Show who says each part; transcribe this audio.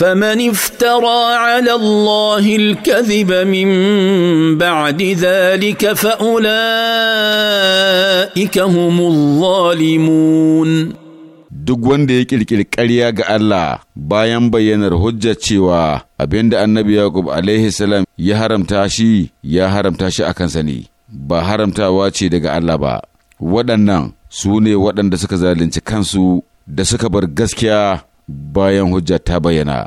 Speaker 1: فمن افترى على الله الكذب من
Speaker 2: بعد ذلك فأولئك هم
Speaker 3: الظالمون duk wanda ya ƙirƙiri ƙarya ga Allah bayan bayyanar hujja cewa abinda annabi yakub alaihi salam ya haramta shi ya haramta shi a kansa ne ba haramtawa ce daga Allah ba waɗannan su ne waɗanda suka zalunci kansu da suka bar gaskiya bayan hujja ta bayyana